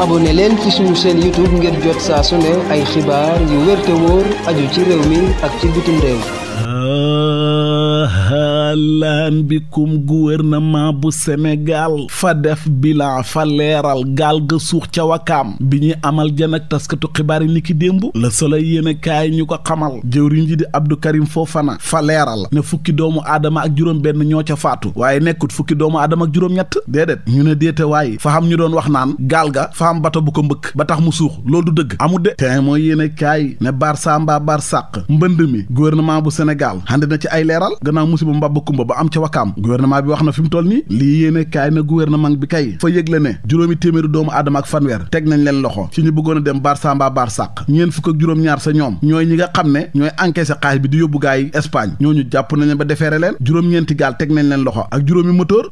abonné leen ci suñu chaîne YouTube ngir jot saa su ay xibaar yu wér te aju ci réew mi ak ci bitim réew ah, ah. ahlan bikum gouvernement bu Sénégal fa def bilan fa leeral gaal ga suux ca wakaam bi ñuy amal jan ak taskatu xibaar yi ni démb la Soleil yéene kaay ñu ko xamal jëwriñ ji di Abdou Karim Fofana fa leeral ne fukki doomu aadama ak juróom benn ñoo ca faatu waaye nekkut fukki doomu aadama ak juróom-ñett déedéet ñu ne déete waaye fa am ñu doon wax naan gaal ga fa am bato bu ko mbëkk ba tax mu suux loolu du dëgg amu de te mooy yéene kaay ne Barça mbaa Barsàq mbënd mi gouvernement bu Sénégal kumba ba am ca wakaam gouvernement bi wax na fi mu toll ni lii yéene kaay na gouvernement bi kay fa yëgle ne juróomi téeméeri doomu aadama ak fanweer teg nañ leen loxo ci ñu bëggoon a dem Barça mbaa Barsàq ñeen fukk ak juróom-ñaar sa ñoom ñooy ñi nga xam ne ñooy encaissé xaalis bi di yóbbu gaa yi Espagne ñooñu jàpp nañ leen ba defeere leen juróom-ñeenti gaal teg nañ leen loxo ak juróomi moteur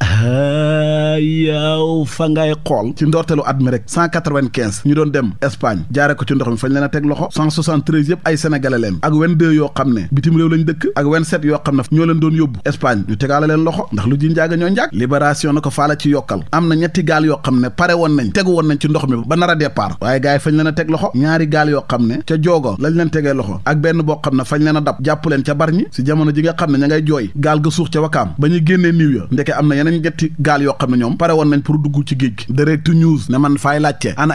yow fa ngay xool ci ndoortelu at mi rek 195 ñu doon dem Espagne jaare ndox mi fañ leen a teg loxo 173 yëpp ay sénégalais leen ak 22 ne bitim réew lañ dëkk ak ñoo leen yóbbu Espagne ñu tegaale leen loxo ndax lu ji njaaga ñoo njaag libération na ko faala ci yokkal am na ñetti gaal yoo xam ne pare woon nañ tegu woon nañ ci ndox mi ba nar a départ waaye gars yi fañ leen a teg loxo ñaari gaal yoo xam ne ca joogo lañ leen tegee loxo ak benn boo xam ne fañ leen a dab jàpp leen ca barñi si jamono ji nga xam ne ña ngay jooy gaal ga suux ca wakaam ba ñu génnee niw ya ndeke am na yeneen ñetti gaal yoo xam ne ñoom pare woon nañ pour dugg ci géej gi direct news ne man faay laajte ana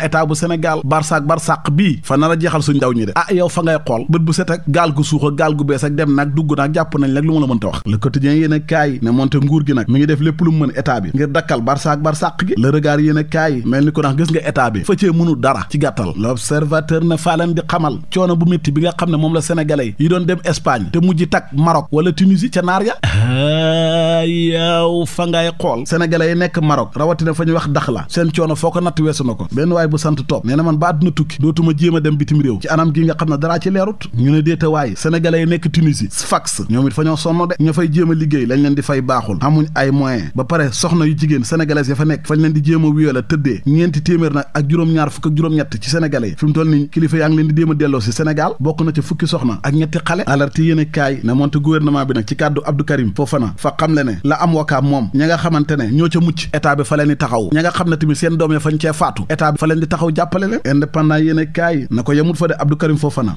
a jeexal suñ ndaw ñi de ah fa ngay xool bët bu set ak gaal gu suux ak gaal gu bees ak dem quotidien yéen a kaay ne moonte nguur gi nag mi ngi def lépp lu mu mën état bi ngir dakkal barsaak barsaak gi le regard a kaay mel ni ko ndax moom la sénégalais yi doon dem Espagne te mujj tak Maroc wala Tunisie ca naar ya yaaw fa ngay xool sénégalais yi nekk Maroc rawatina fa ñuy wax dax la seen coono foo ko natt weesu na ko benn waay bu sant topp nee na man ba àdduna tukki dootuma jéem a dem bitim réew ci anam gi nga xam ne daraa ci leerut ñu ne déeta waay sénégalais yi nekk Tunisie Sfax ñoom it fa ñoo sonno de ña fay jéem a liggéey lañ leen di fay baaxul amuñ ay moyen ba pare soxna yu jigéen sénégalais ya fa nekk fañ leen di jéem a wiyal a tëddee ñeenti téeméer nag ak juróom-ñaar fukk ak juróom-ñett ci sénégalais yi fi mu toll ni kilifa yaa ngi leen di déem a delloo si sénégal bokk na ci fukki soxna ak ñetti xale alerte yéen kaay na monte gouvernement bi nag ci kàddu Abdou Karim Fofana fa xam le ne la am wakaam moom ña nga xamante ne ñoo ca mucc état bi fa leen di taxaw nga xam ne tamit seen doom ya fañ cee faatu état bi fa leen di taxaw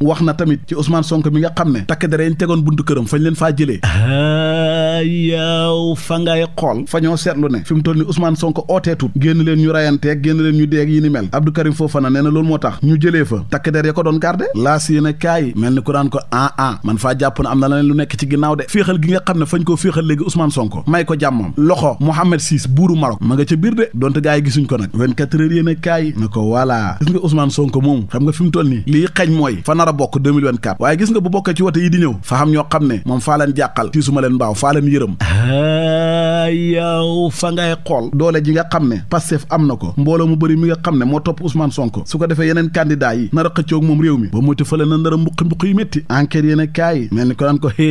wax na tamit ci Ousmane Sonko nga xam ne takk dara yañ tegoon buntu këram fañ leen faa jëlee ah. yow fa ngay xool fa ñoo seetlu ne fi mu toll ni Ousmane Sonko ooteetut génn leen ñu rayanteeg génn leen ñu deeg yi ni mel Abdou Karim Fofana nee na loolu moo tax ñu jëlee fa takk der ya ko doon garde laas yéen mel ni ku daan ko ah ah man faa jàpp na am na leneen lu nekk ci ginnaaw de féexal gi nga xam ne fañ koo féexal léegi Ousmane Sonko may ko jàmmam loxo Mohamed Sis buuru Maroc ma nga ca biir de donte gaa gisuñ ko nag 24 heures yéen kaay na ko voilà gis nga Ousmane Sonko moom xam nga fi mu toll a faalam yërëm yow fa ngay xool doole ji nga xam ne Pastef am na ko mbooloo mu bëri mi nga xam ne moo topp Ousmane Sonko su ko defee yeneen candidat yi nar a xëccoog moom réew mi ba moytu fële na nar a mbuqi mbuqi yu métti enquête yéen a kaay mel ni ko naan ko hé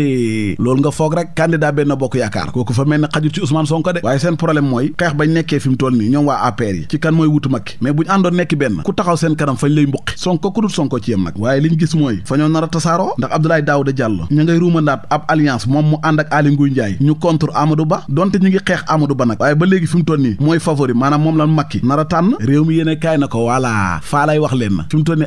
loolu nga foog rek candidat benn bokk yaakaar kooku fa mel ni xajul ci Ousmane Sonko de waaye seen problème mooy xeex bañ nekkee fi mu nii ñoom waa APR yi ci kan mooy wutu makki Nguy Njaay ñu contre Amadou Ba donte ñu ngi xeex Amadou Ba nag waaye ba léegi fi mu toll mooy favori maanaam moom lan Macky nar a tànn réew mi yéene kaay na ko voilà faa lay wax leen na fi mu toll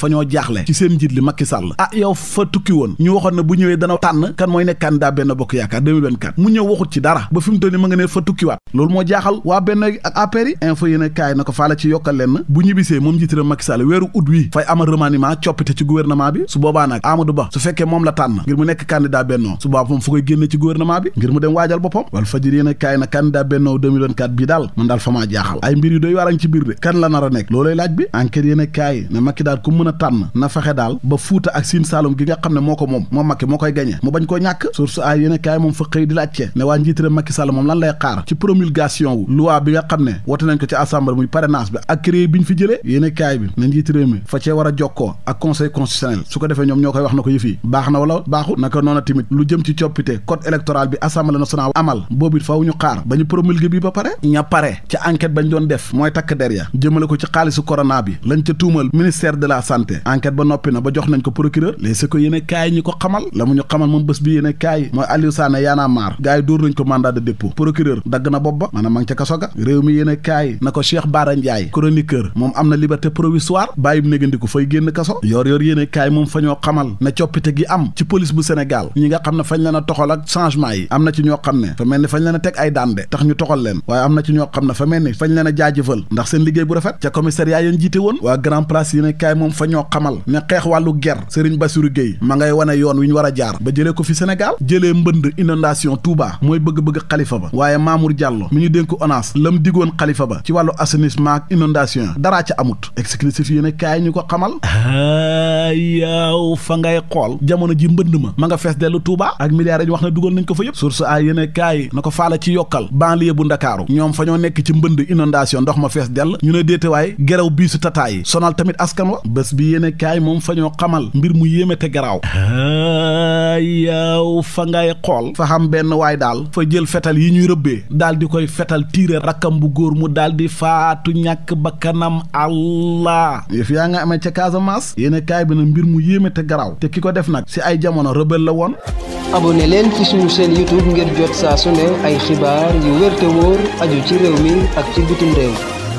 fa ñoo jaaxle ci seen njiit li Macky Sall ah yow fa tukki woon ñu waxoon ne bu ñëwee dana tànn kan mooy ne candidat benn bokk yaakaar 2024 mu ñëw waxut ci dara ba fi mu toll nii ma fa tukkiwaat loolu moo jaaxal waa benn ak APR yi info na ko faala ci yokkal leen bu ñibbisee moom njiitëram Macky Sall weeru août wi fay amal remaniement coppite ci gouvernement bi su boobaa nag Amadou Ba su fekkee moom la tànn ngir mu nekk candidat bennoo su boobaa moom fu koy génne ci gouvernement bi ngir mu dem waajal boppam wala fajir yéen kaay na candidat bennoo 2024 bii daal man daal fa maa jaaxal ay mbir yu doy waarañ ci biir de kan la ne Macky daal ku mën a tànn na fexe daal gi nga xam ne moo ko moom moom Macky moo koy gañe mu bañ koo ñàkk source ay yéen kaay moom fa xëy di promulgation wu loi bi nga xam ne wote nañ ko ci assemblée muy parrainage bi ak créé bi ñu fi jëlee yéen bi na njiit a koy wax na ko yëf yi baax na wala baaxut naka noona tamit lu jëm ci coppite code électoral bi assemblée nationale amal boobu it faw ñu xaar ba ñu promulgué bi ba pare ña pare ca enquête bañ doon def mooy takk der ya jëmale ko ci xaalisu corona bi lañ ca tuumal ministère de la santé enquête ba noppi na ba jox nañ ko procureur les se ko yéen ñi ko xamal bopp ba maanaam ca kaso ga réew mi yéen kaay na ko Cheikh Bara Ndiaye chroniqueur moom am na liberté provisoire bàyyib négandiku fay génn kaso yor yor yéen a kaay moom fa xamal ne coppite gi am ci police bu Sénégal ñi nga xam ne fañ leen a toxal ak changement yi am na ci ñoo xam ne fa mel ni fañ leen a teg ay daan tax ñu toxal leen waaye am na ci ñoo xam ne fa mel ni fañ leen a jaajëfal ndax seen liggéey bu rafet ca commissariat yéen jiite woon waa grand place a kaay moom fa ñoo xamal ne xeex wàllu ger Serigne Bassirou a jaar ko fi Sénégal jëlee mbënd inondation Touba Diallo mi ñu dénk ONAS lam digoon xalifa ba ci wàllu assainissement ak inondation daraa ca amut exclusif yéen ñu ko xamal yaaw fa ngay xool jamono ji mbënd ma ma nga fees dellu Touba ak milliards yi wax na dugal nañ ko fa yëpp source a yéen kaay na ko faala ci yokkal baal bu Ndakaaru ñoom fa ñoo nekk ci mbënd inondation ndox ma fees dell ñu ne déetewaay gerew bii su tataa yi sonal tamit askan wa bés bi yéen kaay moom fa ñoo xamal mbir mu yéeme te garaaw yow fa ngay xool fa xam benn waay daal fa jël fetal yi ñuy rëbbee daal di koy fetal tiire rakkam bu góor mu daal di faatu ñàkk bakkanam allah yëf yaa nga amee ca Casamance yéen kaay bi na mbir mu yéeme te garaw te ki ko def nag si ay jamono rebelle la woon abonné leen ci suñu chaîne YouTube ngir jot saa su ne ay xibaar yu wér wóor aju ci réew mi ak ci bitim réew